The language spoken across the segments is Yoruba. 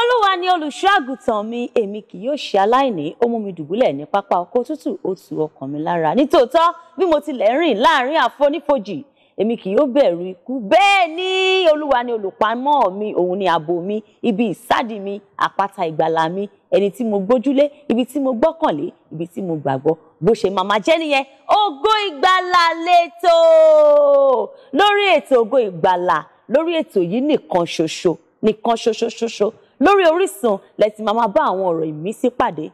olúwa ni olùṣọ́ àgùntàn mi èmi kì yóò ṣe aláìní ó mú mi dùbúlẹ̀ ní pápá oko tútù ó tu ọkàn mi lára nítòótọ́ bí mo tilẹ̀ rìn láàrin àfonífojì èmi kì yóò bẹ̀rù ikú bẹ́ẹ̀ ni olúwa ni olùpamọ́ mi òun ni ààbò mi ibi ìsádi mi àpáta ìgbàlà mi ẹni tí mo gbójúlé ibi tí mo gbọ́kànlé ibi tí mo gbàgbọ́ bó ṣe màmá jẹ́ nìyẹn ògo ìgbàlà lẹ́tọ̀ lórí ètò ògo ìgbàlà lórí ètò yìí nìkan ṣoṣo nìkan ṣoṣo ṣoṣo lórí Orísun lẹ́tì máa máa bá àwọn ọ̀rọ̀ ìmísí pàdé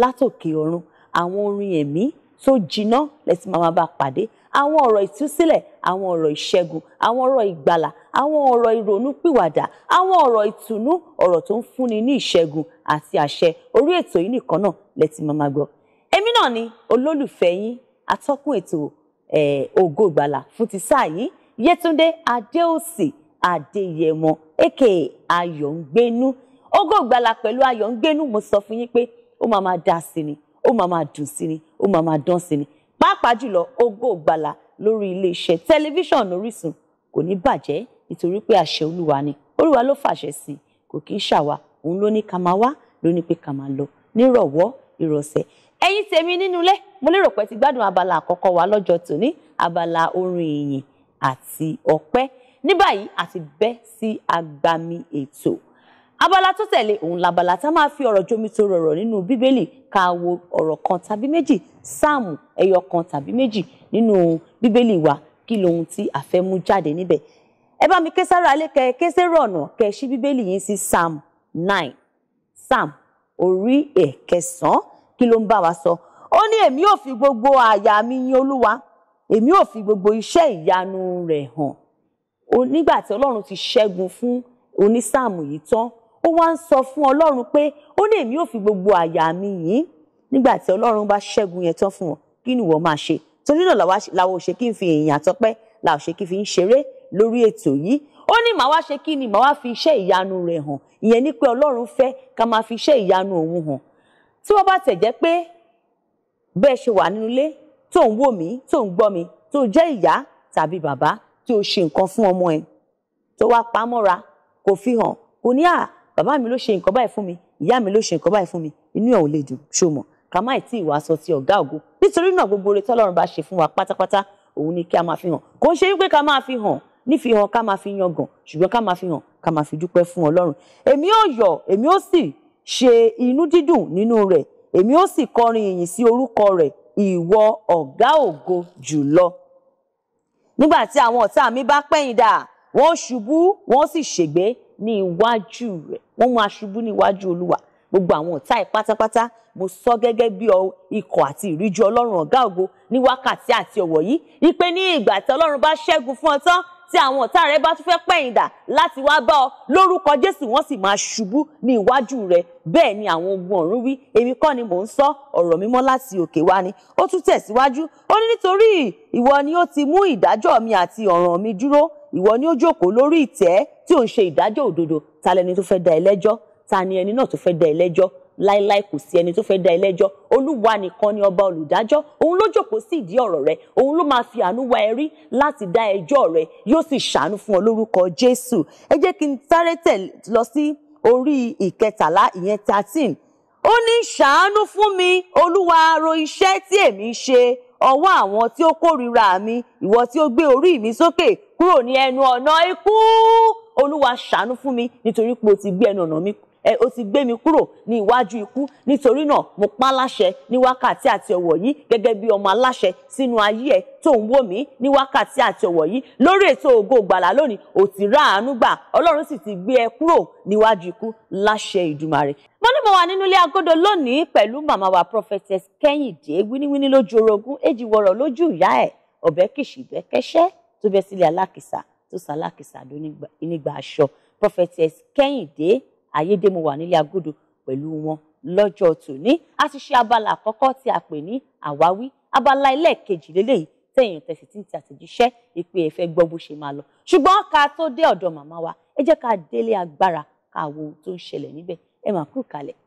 látòkè ọ̀run àwọn orin ẹ̀mí tó jiná lẹ́tì máa máa bá pàdé àwọn ọ̀rọ̀ ìtúsílẹ̀ àwọn ọ̀rọ̀ ìṣẹ́gun àwọn ọ̀rọ̀ ìgbàlà àwọn ọ̀rọ̀ ìrònúpìwàdà àwọn ọ̀rọ̀ ìtùnú ọ̀rọ̀ tó ń fúnni ní ìṣẹ́gun àti àṣẹ orí ètò yìí nìkan náà lẹ́tì máa máa gbọ́ èmi náà ni olólùfẹ́ yín atọ́kùn ètò ògo ìgbàlà fún ti sáà yìí Yétúndé Adéòsì Adéyẹmọ aka Ayọ̀ǹgbénú Ogo Ìgbàlà pẹ̀lú ayọ̀ ń mo sọ fún yín pé ó máa máa dà sí ni ó máa máa dùn sí ni ó máa máa dán sí ni pàápàá jùlọ Ògo Ìgbàlà lórí iléeṣẹ́ television Orísun kò ní bàjẹ́ nítorí pé àṣẹ Olúwa ni Olúwa ló fàṣẹ sí kò kì í ṣàwa òun ló ní ká máa wá ló ní pé ká máa lọ nírọ̀wọ́ ìrọ̀sẹ̀ ẹ̀yin tèmi nínú ilé mo lérò pé ti gbádùn abala àkọ́kọ́ wa lọ́jọ́ tòní abala orin ìyìn àti ọpẹ́ ní báyìí àti bẹ́ sí agbami ètò abala tó tẹ̀lé òun labala tá máa fi ọ̀rọ̀ jomi tó rọrọ̀ nínú bíbélì ká wo ọ̀rọ̀ kan tàbí méjì sáàmù ẹyọ kan tàbí méjì nínú bíbélì wa kí lohun tí a fẹ́ mú jáde níbẹ̀ ẹ bá mi ké sára alẹ́ kẹ ké sérò ọ̀nà kẹ ṣí bíbélì yín sí psalm nine sam orí ẹ̀kẹsàn-án kí ló ń bá wa sọ ó ní èmi ò fi gbogbo àyà mi yin olúwa èmi ò fi gbogbo iṣẹ́ ìyanu rẹ̀ hàn nígbà tí ọlọ́run ti ṣẹ́gun fún onísáàmù yìí tán ó wá ń sọ fún ọlọ́run pé ó ní èmi ò fi gbogbo àyà mi yìí nígbà tí ọlọ́run bá ṣẹ́gun yẹn tán fún wọn kí ni ìwọ máa ṣe torí náà làwọn ò ṣe kí n fi èèyàn àtọpẹ́ làwọn ò ṣe kí n fi ń ṣeré lórí ètò yìí ó ní màá wá ṣe kí ni màá wá fi iṣẹ́ ìyanu rẹ̀ hàn ìyẹn ni pé ọlọ́run fẹ́ ká máa fi iṣẹ́ ìyanu òun hàn tí wọ́n bá tẹ̀ jẹ́ pé bẹ́ẹ̀ ṣe wà nínú ilé tó ń wò mí tó ń gbọ́ mi tó jẹ́ ìyá tàbí bàbá tí o ṣe nǹkan fún ọmọ ẹ tó wá pamọ́ra kò fi hàn kò ní à bàbá mi ló ṣe nǹkan báyìí fún mi ìyá mi ló ṣe nǹkan báyìí fún mi inú ẹ̀ ò lè dùn ṣó mọ̀ ká má ì sọ ti ọ̀gá ògo nítorí náà gbogbo oore tọ́lọ́run bá ṣe fún wa pátápátá òun ni kí a máa fi hàn kò ń ṣe wípé ká máa fi hàn nífihàn ká máa fi yangàn ṣùgbọ́n ká máa fi hàn ká máa fi dúpẹ́ fún ọlọ́run èmi ó yọ̀ èmi ó sì ṣe inú dídùn nínú rẹ̀ èmi ó sì kọrin ìyìn sí orúkọ rẹ̀ ìwọ ọ̀gá ògo jùlọ nígbà tí àwọn ọ̀tá mi bá pẹ̀yìn dà wọ́n ṣubú wọ́n sì ṣègbé ní iwájú rẹ̀ wọ́n máa ṣubú ní iwájú olúwa gbogbo àwọn ọ̀tá ẹ̀ pátápátá mo sọ gẹ́gẹ́ bí ikọ̀ àti ìríjú ọlọ́run ọ̀gá ògo ní wákàtí àti ọ̀wọ̀ yìí ipe ní ìgbà tí ọlọ́run bá ṣẹ́gun fún ọ tán tí àwọn ọ̀tá rẹ bá tún fẹ́ pẹ̀yìndà láti wá bá ọ lórúkọ jésù wọ́n sì máa ṣubú ní iwájú rẹ bẹ́ẹ̀ ni àwọn ogun ọ̀run wí èmi kọ́ ni mò ń sọ ọ̀rọ̀ mímọ́ láti òkè wá ni ó tún tẹ̀síwájú ó ní nítorí ìwọ ni ó ti mú ìdájọ́ mi àti ọ̀ràn mi dúró ìwọ ni ó jókòó lórí ìtẹ́ tí ò ń ṣe ìdájọ́ òdodo ta lẹni tó fẹ́ da ẹ lẹ́jọ́ ta ni ẹni náà tó fẹ́ da ẹ lẹ́jọ́ láíláí kò sí ẹni tó fẹ́ da ẹ lẹ́jọ́ olúwa nìkan ni ọba olùdájọ́ òun ló jókòó sí ìdí ọ̀rọ̀ rẹ òun ló máa fi àánú wá ẹ rí láti dá ẹjọ́ rẹ yóò sì ṣàánú fún ọ lórúkọ jésù ẹ jẹ́ kí n sáré tẹ̀ lọ sí orí ìkẹtàlá ìyẹn thirteen ó ní ṣàánú fún mi olúwa ro iṣẹ́ tí èmi ṣe ọwọ́ àwọn tí ó kórìíra mi ìwọ tí ó gbé orí mi sókè kúrò ní ẹnu ọ̀nà ikú olúwa ṣàánú fún mi nítorí pé o ti gbé ẹnu ọ̀nà mi ẹ o ti gbé mi kúrò ní iwájú ikú nítorí náà mo pa láṣẹ ní wákàtí àti ọwọ yìí gẹ́gẹ́ bí ọmọ aláṣẹ sínú ayé ẹ tó ń wò mí ní wákàtí àti ọwọ yìí lórí ètò ògo ìgbàlà lónìí ò ti rà àánú gbà Ọlọ́run sì ti gbé ẹ kúrò níwájú ikú láṣẹ Ìdùmarè. mo ní mo wà nínú ilé agodo lónìí pẹ̀lú màmá wa prophetess Kẹ́hìndé wíníwíní lójú orogún èjì wọ̀rọ̀ lójú ìyá ẹ̀ ọ̀bẹ prophetess Kẹ́hìndé ayédèmú wà nílé agodo pẹ̀lú wọn lọ́jọ́ tòní a ti ṣe abala àkọ́kọ́ tí a pè ní àwáwí abala ẹlẹ́ẹ̀kejì lélẹ́yìí tẹ̀yìn tẹ̀sí tí ń ti àtẹ̀jíṣẹ́ ìpè ẹ̀fẹ́ gbọ́ bó ṣe máa lọ ṣùgbọ́n ká tó dé ọ̀dọ̀ màmá wa ẹ jẹ́ ká délé agbára ká wo ohun tó ń ṣẹlẹ̀ níbẹ̀ ẹ máa kú kalẹ̀.